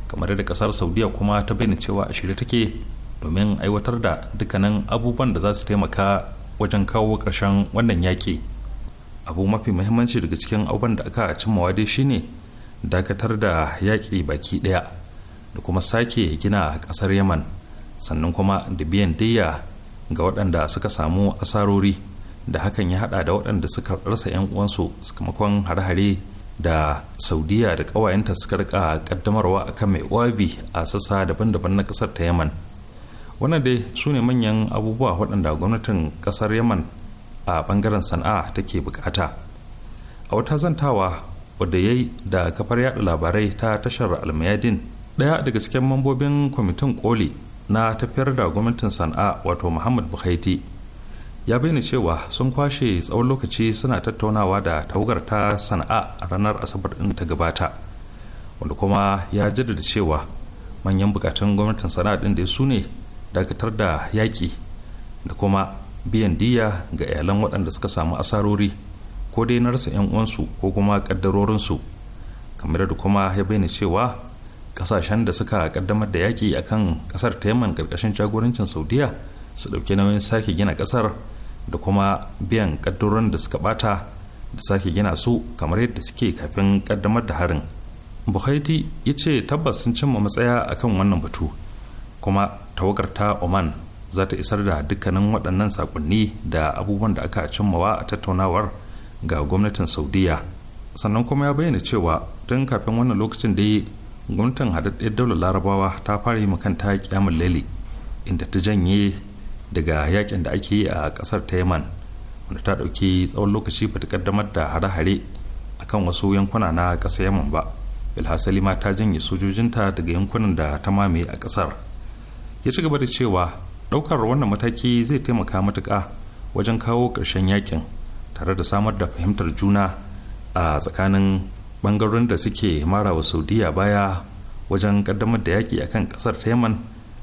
kamar da kasar saudiya kuma ta bayyana cewa a shirye take domin aiwatar da dukkanin abubuwan da za su taimaka wajen kawo ƙarshen wannan yaƙi abu mafi muhimmanci daga cikin abubuwan da aka cimmawa dai shine dakatar da yaƙi baki ɗaya da kuma sake gina ƙasar yaman sannan kuma da biyan diyya ga waɗanda suka samu asarori da hakan ya hada da waɗanda suka rasa 'yan uwansu sakamakon hare-hare da saudiya da ƙawayenta suka rika kaddamarwa kan mai wabi a sassa daban-daban na ƙasar ta yaman wannan dai su ne manyan abubuwa waɗanda gwamnatin ƙasar yaman a ɓangaren sana'a take bukata a wata zantawa wadda ya yi da kafar yada labarai ta tashar almayadin ɗaya daga cikin mambobin kwamitin koli na tafiyar da gwamnatin sana'a wato muhammad bukaiti. ya bayyana cewa sun kwashe tsawon lokaci suna tattaunawa da tawagar ta sana'a a ranar asabar din ta gabata wanda kuma ya jaddada cewa manyan bukatun gwamnatin sana'a din da su ne dakatar da yaƙi da kuma biyan diya ga iyalan waɗanda suka samu asarori ko dai na rasa 'yan uwansu ko kuma ƙaddarorinsu kamar da kuma ya bayyana cewa ƙasashen da suka ƙaddamar da yaƙi akan ƙasar ta yamman ƙarƙashin jagorancin saudiya su ɗauki nauyin sake gina ƙasar da kuma biyan kaddoron da suka bata da sake gina su kamar yadda suke kafin kaddamar da harin buhaiti ya ce tabbas sun cimma matsaya a kan wannan batu kuma tawagar ta oman za ta isar da dukkanin waɗannan sakonni da abubuwan da aka cimmawa a tattaunawar ga gwamnatin saudiya sannan kuma ya bayyana cewa tun kafin wannan lokacin da gwamnatin haɗaɗɗiyar daular larabawa ta fara yi makanta kyamun lele inda ta janye daga yakin da ake yi a kasar ta yaman wanda ta ɗauki tsawon lokaci ba ta kaddamar da hare-hare a kan wasu yankuna na ƙasar yaman ba bilhassali ma ta janye sojojinta daga yankunan da ta mamaye a ƙasar ya ci gaba da cewa ɗaukar wannan mataki zai taimaka matuƙa wajen kawo ƙarshen yakin tare da samar da fahimtar juna a tsakanin bangarorin da suke mara wa saudiya baya wajen ƙaddamar da yaƙi akan ƙasar ta yaman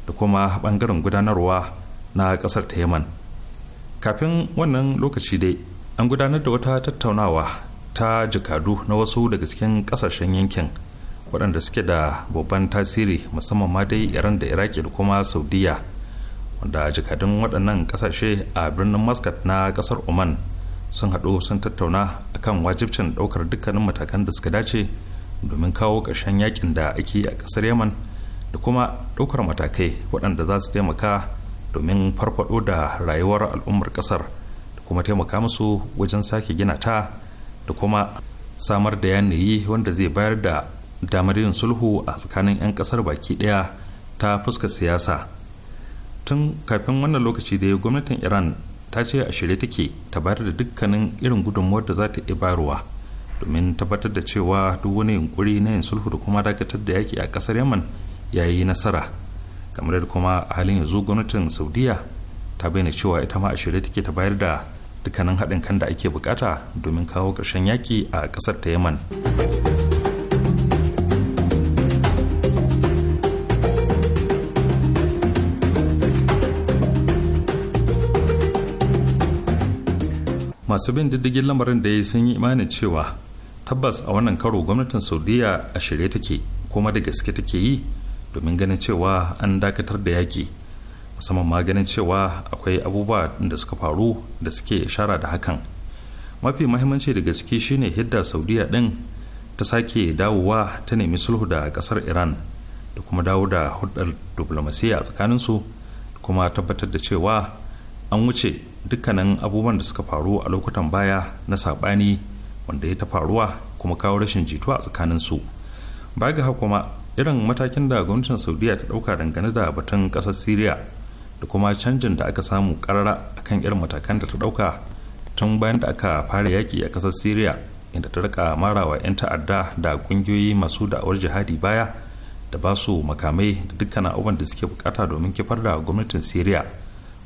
da kuma ɓangaren gudanarwa na kasar ta yaman kafin wannan lokaci dai an gudanar da wata tattaunawa ta jikadu na wasu daga cikin kasashen yankin waɗanda suke da babban tasiri musamman ma dai iran da iraki da kuma saudiya wanda jikadun waɗannan kasashe a birnin muscat na kasar oman sun haɗu sun tattauna akan wajibcin ɗaukar dukkanin matakan da suka dace domin kawo ƙarshen yakin da ake a ƙasar yaman da kuma ɗaukar matakai waɗanda za su taimaka domin farfado da rayuwar al'ummar kasar da kuma taimaka musu wajen sake gina ta da kuma samar da yanayi wanda zai bayar da damar yin sulhu a tsakanin 'yan kasar baki daya ta fuska siyasa tun kafin wannan lokaci da gwamnatin iran ta ce a shirye take ta bayar da dukkanin irin gudunmuwar da za ta iya bayarwa domin tabbatar da cewa duk wani yunkuri na yin sulhu da kuma dakatar da yaki a kasar yaman yayi nasara kamar da kuma a halin yanzu gwamnatin saudiya ta bayyana cewa ita ma a shirye take ta bayar da dukkanin haɗin kan da ake bukata domin kawo ƙarshen yaƙi a ƙasar ta yaman masu bin diddigin lamarin da ya yi sun yi imanin cewa tabbas a wannan karo gwamnatin saudiya a shirye take kuma da gaske take yi domin ganin cewa an dakatar da yaƙi musamman ma ganin cewa akwai abubuwa da suka faru da suke shara da hakan mafi mahimmanci da gaske shine hidda saudiya din ta sake dawowa ta nemi sulhu da ƙasar iran da kuma dawo da hudar diplomasiya a tsakaninsu da kuma tabbatar da cewa an wuce dukkanin abubuwan da suka faru a lokutan baya na saɓani wanda ya ta faruwa kuma kawo rashin jituwa a tsakaninsu ba ga hakuma irin matakin da gwamnatin saudiya ta dauka dangane da batun kasar syria da kuma canjin da aka samu karara akan irin matakan da ta dauka tun bayan da aka fara yaki a kasar syria inda ta rika marawa 'yan ta'adda da kungiyoyi masu da'awar jihadi baya da ba su makamai da dukkan abubuwan da suke bukata domin kifar da gwamnatin syria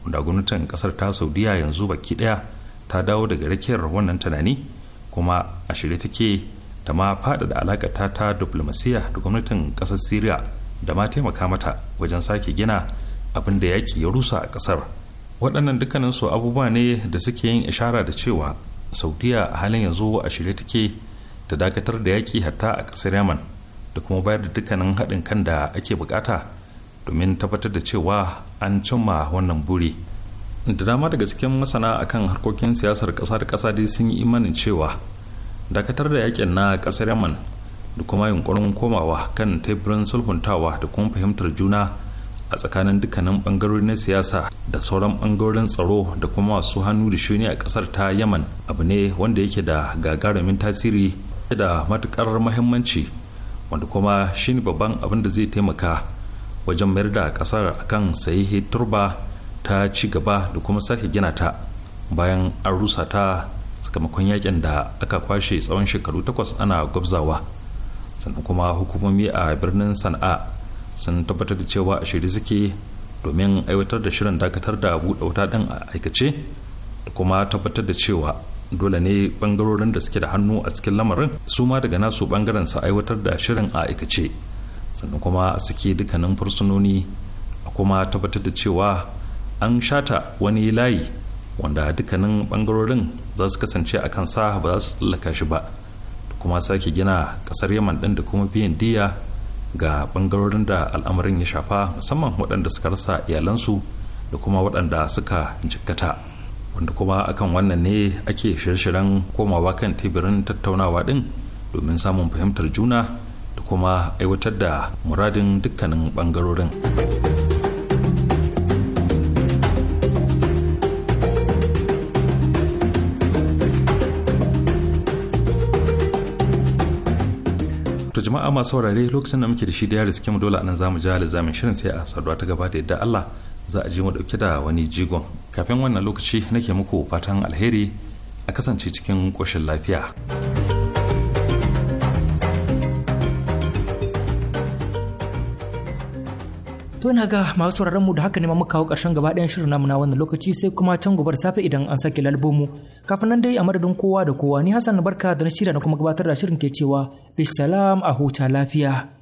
wanda gwamnatin kasar ta saudiya yanzu baki daya ta dawo daga rakiyar wannan tunani kuma a shirye take da ma faɗaɗa alaƙa ta ta diplomasiya da gwamnatin ƙasar syria da ma taimaka mata wajen sake gina abin da yaƙi ya rusa a ƙasar waɗannan dukkaninsu abubuwa ne da suke yin ishara da cewa saudiya a halin yanzu a shirye take ta dakatar da yaƙi hatta a ƙasar yaman da kuma bayar da dukkanin haɗin kan da ake bukata domin tabbatar da cewa an cimma wannan buri da dama daga cikin masana akan harkokin siyasar ƙasa da ƙasa dai sun yi imanin cewa dakatar da yakin na kasar yaman da kuma yunkurin komawa kan teburin sulhuntawa da kuma fahimtar juna a tsakanin dukkanin bangarori na siyasa da sauran bangarorin tsaro da kuma masu hannu da shuni a kasar ta yaman abu ne wanda yake da gagarumin tasiri da matukar mahimmanci wanda kuma shine babban abin da zai taimaka wajen mayar da kasar akan sahihi turba ta ci gaba da kuma sake gina ta bayan an rusa ta sakamakon yakin da aka kwashe tsawon shekaru takwas ana gwabzawa sannan kuma hukumomi a birnin sana'a sun tabbatar da cewa a shirye suke domin aiwatar da shirin dakatar da buɗe wuta ɗin a aikace da kuma tabbatar da cewa dole ne bangarorin da suke da hannu a cikin lamarin su ma daga nasu bangaren su aiwatar da shirin a aikace sannan kuma a dukkanin fursunoni a kuma tabbatar da cewa an shata wani layi wanda dukkanin bangarorin za su kasance a kan sa ba za su tsallaka shi ba kuma sake gina kasar yaman ɗin da kuma biyan diya ga bangarorin da al'amarin ya shafa musamman waɗanda suka rasa iyalansu da kuma waɗanda suka jikkata wanda kuma akan wannan ne ake shirye-shiryen komawa kan teburin tattaunawa din domin samun fahimtar juna da kuma aiwatar da muradin dukkanin bangarorin. jama'a masu saurare lokacin da muke da shi da yare suke mu dole anan zamu ji lizamin shirin sai a saduwa ta gaba da yadda Allah za a je mu dauke da wani jigon kafin wannan lokaci nake muku fatan alheri a kasance cikin koshin lafiya. To ina ga masu sauraron mu da haka ne ma muka kawo ƙarshen gaba ɗayan shirin namu na wannan lokaci sai kuma can gobar safe idan an sake lalbomu. Kafin nan dai a madadin kowa da kowa ni Hassan barka da na shirya na kuma gabatar da shirin ke cewa bisalam a huta lafiya.